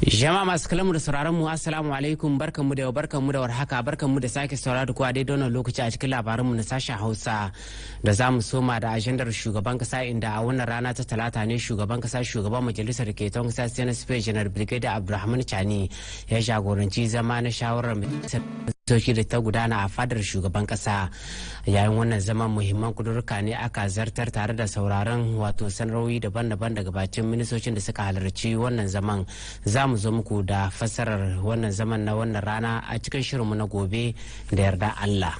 Jama'a masu kalamu da sauraron mu assalamu alaikum mu da barkanmu da warhaka mu da sake saurara da kowa daidai don lokaci a cikin labaran mu na sashen Hausa da za mu soma da ajandar shugaban kasa inda a wannan rana ta talata ne shugaban kasa shugaban majalisar keton kasa Senate Space General Brigadier Abdulrahman Chani ya jagoranci zama na shawarar majalisar toki da ta gudana a fadar shugaban kasa yayin wannan zaman muhimman kudurka ne aka zartar tare da sauraron wato sanarwoyi daban-daban daga bakin ministocin da suka halarci wannan zaman za mu zo muku da fassarar wannan zaman na wannan rana a cikin shirinmu na gobe da yarda allah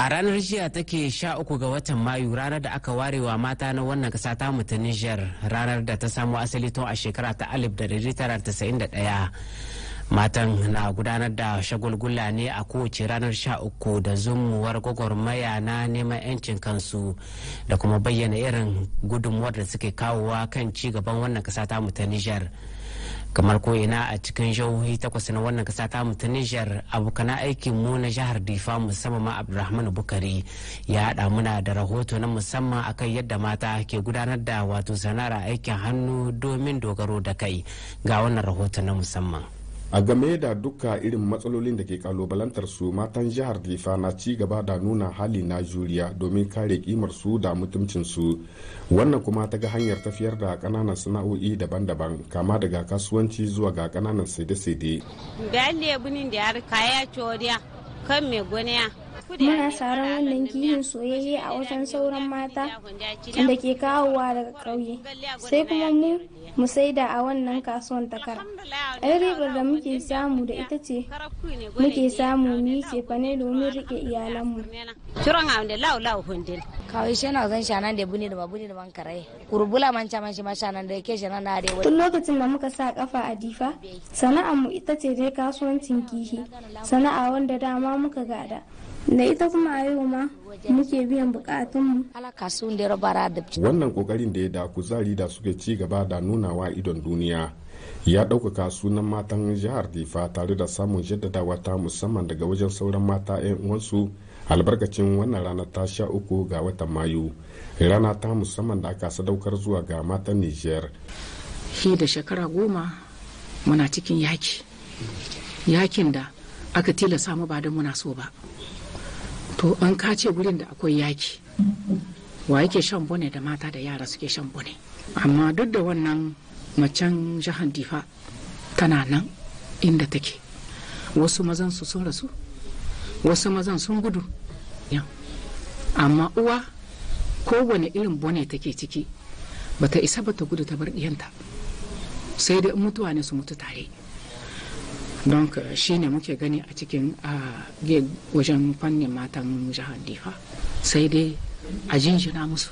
a ranar jiya take sha uku ga watan mayu ranar da aka warewa mata na wannan kasa ta mutu nijar ranar da ta samo asali tun a shekara ta alif da 1991 matan na gudanar da shagulgula ne a kowace ranar sha uku da zumuwar gwagwarmaya na neman 'yancin kansu da kuma bayyana irin gudunmuwar da suke kawowa kan ci gaban wannan kasa ta mutu nijar kamar ko ina a cikin jihohi takwas na wannan kasa ta mutu Nijar abokan aikin mu na jihar Difa musamman ma Abdulrahman Bukari ya haɗa muna da rahoto na musamman akan yadda mata ke gudanar da wato sana'ar aikin hannu domin dogaro da kai ga wannan rahoto na musamman. a game da duka irin matsalolin da ke kalubalantar su matan jihar difa na ci gaba da nuna hali na juriya domin kare kimar su da mutuncin su wannan kuma ta ga hanyar tafiyar da kananan sana'o'i daban-daban kama daga kasuwanci zuwa ga kananan saide-saide da kan mai muna sarar wannan kihin soyayye a wajen sauran mata da ke kawowa daga ƙauye sai kuma mu mu saida a wannan kasuwan takar ai ribar da muke samu da ita ce muke samu mu ce fane domin rike iyalanmu turan awde law law hundin kawai shi na zan shanan da buni da ba buni da man karai kurbula man ca man shi ma shanan da yake shanan na arewa tun lokacin da muka sa kafa a difa sana'a mu ita ce dai kasuwancin kihi sana'a wanda dama muka gada da ita kuma a yau ma muke biyan bukatunmu. Wannan kokarin da ya da kuzari da suke ci gaba da nunawa idon duniya ya ɗaukaka sunan matan jihar Difa tare da samun jaddadawa ta musamman daga wajen sauran mata 'yan uwansu albarkacin wannan rana ta sha uku ga watan Mayu rana ta musamman da aka sadaukar zuwa ga matan niger. shi da shekara goma muna cikin yaki, yakin da aka tilasa mu ba da muna so ba. to an kace gurin da akwai yaki wa yake shan bone da mata da yara suke shan bone amma duk da wannan macen jihar difa tana nan inda take wasu mazan su sun rasu wasu mazan sun gudu amma uwa ko kowane irin bone take ciki bata isa ba ta gudu ta bar diyanta sai da mutuwa ne su mutu tare don shi ne muke gani a cikin wajen fannin matan jihar difa sai dai a jinjina musu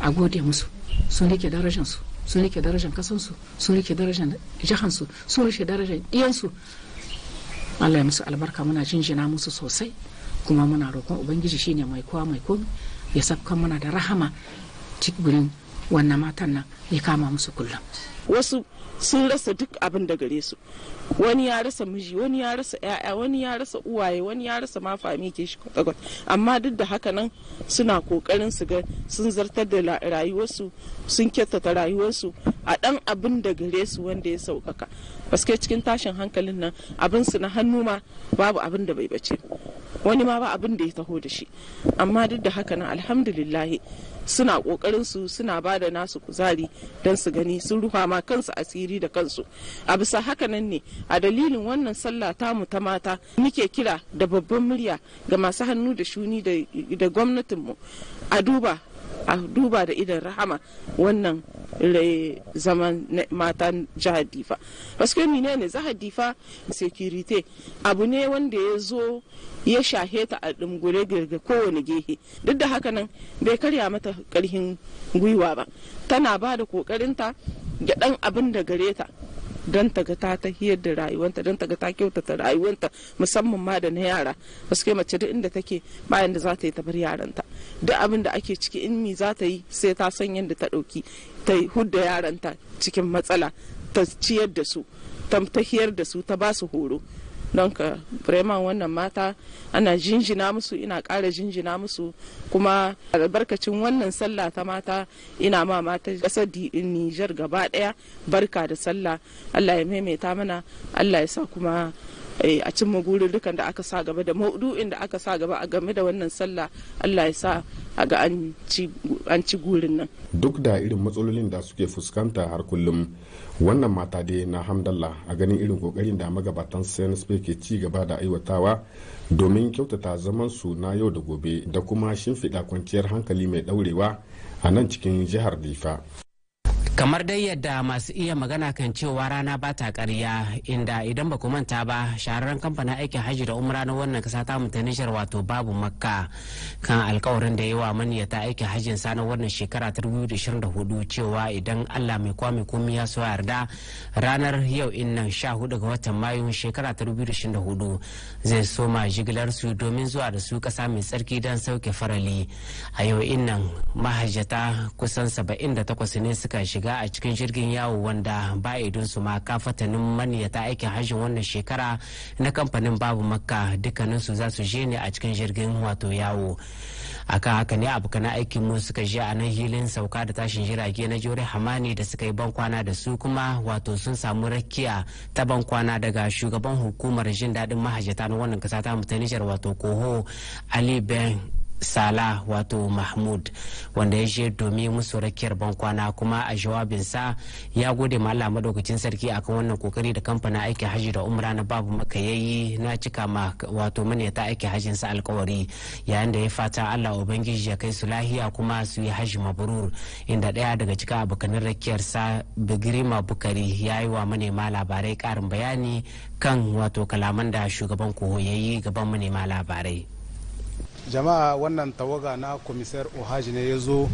a gode musu sun rike darajansu sun rike darajan kasansu sun rike darajan jihansu sun rike darajan iyansu allah ya musu albarka muna jinjina musu sosai kuma muna roƙon ubangiji shine mai kowa mai komi ya sabkan muna da rahama cikin wannan matan nan ya kama musu kullum wasu sun rasa duk abin da gare su wani ya rasa miji wani ya rasa yaya wani ya rasa uwaye wani ya rasa ma fami ke shi kwatakwat amma duk da haka nan suna kokarin su ga sun zartar da rayuwarsu sun kyatata rayuwarsu a ɗan abin da gare su wanda ya sauƙaƙa baske cikin tashin hankalin nan abin su na hannu ma babu abin da bai bace wani ma ba abin da ya taho da shi amma duk da haka nan alhamdulillahi suna kokarin su suna ba da nasu kuzari don su gani sun rufa ma kansu asiri da kansu a bisa hakanan ne a dalilin wannan sallah mu ta mata muke kira da babban murya ga masu hannu da shuni da gwamnatin mu a duba a duba da idan rahama wannan zaman mata jihar difa paske mine ne jihar difa security abu ne wanda ya zo ya shahe ta a ɗungure girga kowane gehe duk da haka nan bai karya mata karhin gwiwa ba tana ba da ƙoƙarinta ga dan abin da gare ta don ta ga ta tahiyar da rayuwanta don ta ga ta kyautata rayuwanta musamman ma da na yara paske mace duk inda take bayan da za ta yi ta bar yaranta duk abin da ake ciki in mi za ta yi sai ta san yadda ta ɗauki ta hudda yaranta cikin matsala ta ciyar da su ta tahiyar da su ta ba su horo don ka bremen wannan mata ana jinjina musu ina kara jinjina musu kuma albarkacin wannan sallah ta mata ina ma mata ƙasar nijar gaba ɗaya barka da sallah allah ya maimaita mana allah ya sa kuma Eh, a cimma dukan da aka sa gaba da maudu'in da aka sa gaba a game da wannan sallah Allah ya sa a ga an ci gurin nan duk da irin matsalolin da suke fuskanta har kullum wannan mata dai na hamdallah a ganin irin kokarin da magabatan sayanspe ke ci gaba da aiwatawa domin kyautata zaman su na yau da gobe da kuma shimfiɗa kwanciyar hankali mai ɗaurewa a nan cikin jihar difa kamar dai yadda masu iya magana kan cewa rana ba ta karya inda idan ba ku manta ba shahararren kamfanin aikin hajji da umra na wannan kasa ta ta nishar wato babu makka kan alkawarin da yawa ta aikin hajjin sa na wannan shekara ta 2024 cewa idan allah mai kwami komi ya so yarda ranar yau in nan 14 ga watan mayu shekara ta 2024 zai soma jigilar su domin zuwa da su kasa mai tsarki don sauke farali a yau in nan mahajjata kusan 78 ne suka shiga shiga a cikin jirgin yawo wanda ba idonsu su ma kafatanin maniyata aikin hajjin wannan shekara na kamfanin babu makka dukkaninsu za su je ne a cikin jirgin wato yawo kan haka ne kana aikin mu suka je a nan hilin sauka da tashin jirage na jore hamani da suka yi bankwana da su kuma wato sun samu rakiya ta bankwana daga shugaban hukumar jin daɗin mahajjata na wannan kasa ta mu ta nijar wato koho ali ben Salah wato Mahmud wanda ya je domin musu rakiyar bankwana kuma a jawabinsa ya gode ma Allah madaukakin sarki akan wannan kokari da kamfanin aiki haji da umra na babu maka yayi na cika ma wato maneta aikin hajin sa alkawari yayin da ya fata Allah ubangiji ya kai su lahiya kuma su yi haji mabrur inda daya daga cikin abokanin rakiyar sa ma Bukari ya yi wa manema labarai karin bayani kan wato kalaman da shugaban koho yayi gaban manema labarai. jama'a wannan tawaga na komisar ohaji ne ya zo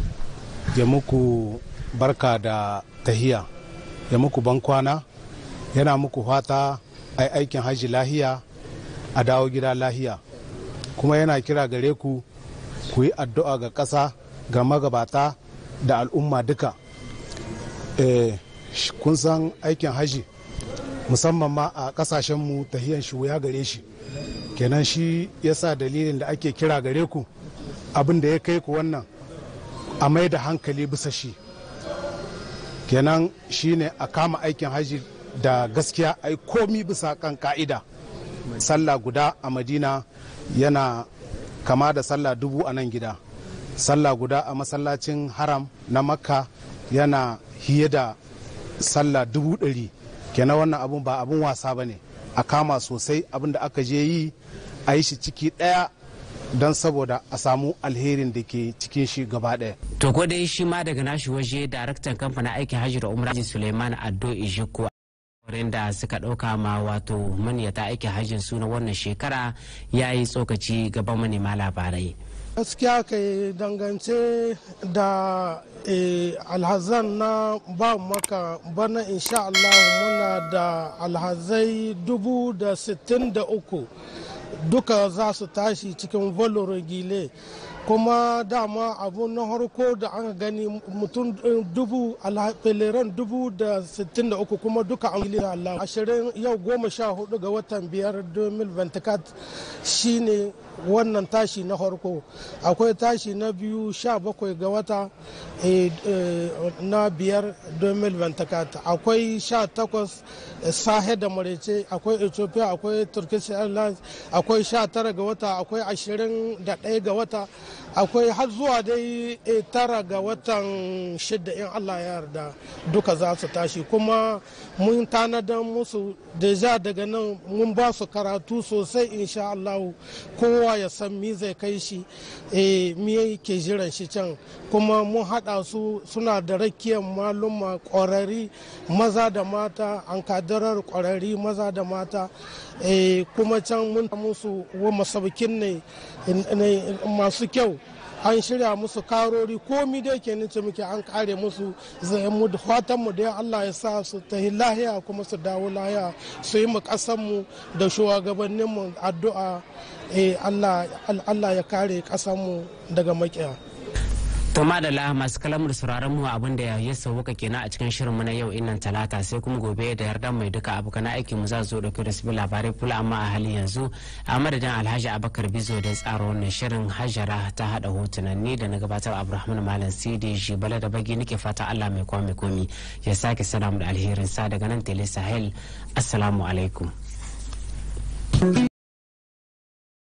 ya muku barka da tahiya ya muku bankwana yana muku fata a aikin haji lahiya a dawo gida lahiya kuma yana kira gare ku ku yi addu'a ga ƙasa ga magabata da al'umma duka eh, kun san aikin haji musamman ma a ƙasashenmu tahiyan shi wuya gare shi kenan shi yasa dalilin da ake kira gare ku abin da ya kai ku wannan a mai da hankali bisa shi kenan shine a kama aikin haji da gaskiya ai komi bisa kan ka'ida sallah guda a madina yana kama da sallah dubu a nan gida sallah guda a masallacin haram na makka yana hiye da sallah dubu ɗari kenan wannan abun ba abun wasa ba ne a kama sosai abin da aka je yi a yi shi ciki ɗaya don saboda a samu alherin da ke cikin shi gaba ɗaya. To ko dai shi ma daga nashi waje daraktan kamfanin aikin hajji da umra Suleiman Addo Ijiku wurin da suka ɗauka ma wato maniyata aikin hajjin su na wannan shekara ya yi tsokaci gaban manema labarai. gaskiya ka dangance da eh, alhazan na ba maka bana insha Allah muna da alhazai dubu da sittin da uku duka za su tashi cikin volorogile kuma dama abu na harko da an gani mutum eh, dubu alhafeleran dubu da sittin da uku kuma duka an yi Allah ashirin yau goma sha hudu ga watan biyar 2024 shine wannan tashi na harko akwai tashi na biyu sha bakwai ga wata eh, eh, na biyar 2024 akwai sha takwas sahe da marece akwai ethiopia akwai turkish airlines akwai sha tara ga wata akwai ashirin da ɗaya ga wata akwai har zuwa dai eh, tara ga watan shida in allah ya yarda duka za su tashi kuma mun tanadar musu deja daga nan mun ba su karatu sosai insha allah kowa ya san mi zai kai shi eh, mi ke jiran shi can kuma mun haɗa su suna da rakiyar maluma ƙwararri maza da mata an kadarar ƙwararri maza da mata Eh, kuma can mun musu wa masabukin ne masu kyau an shirya musu karori komi da yake nace muke an kare musu zai mu da fatan mu da Allah ya sa su ta lahiya kuma su dawo lahiya su yi mu kasan mu da shugabannin mu addu'a eh, Allah ya kare kasan daga makiya to madalla masu kalamar sauraron mu abin da ya sauka kenan a cikin shirinmu na yau innan talata sai kuma gobe da yardan mai duka abokan aiki mu za zo dauke da su labarai kula amma a hali yanzu a madadin alhaji abakar bizo da tsaro wannan shirin hajara ta hada hotunan ni da na gabatar abdulrahman malam sidi bala da bagi nake fata allah mai kwami komi ya sake salamu da alherin sa daga nan tele sahel assalamu alaikum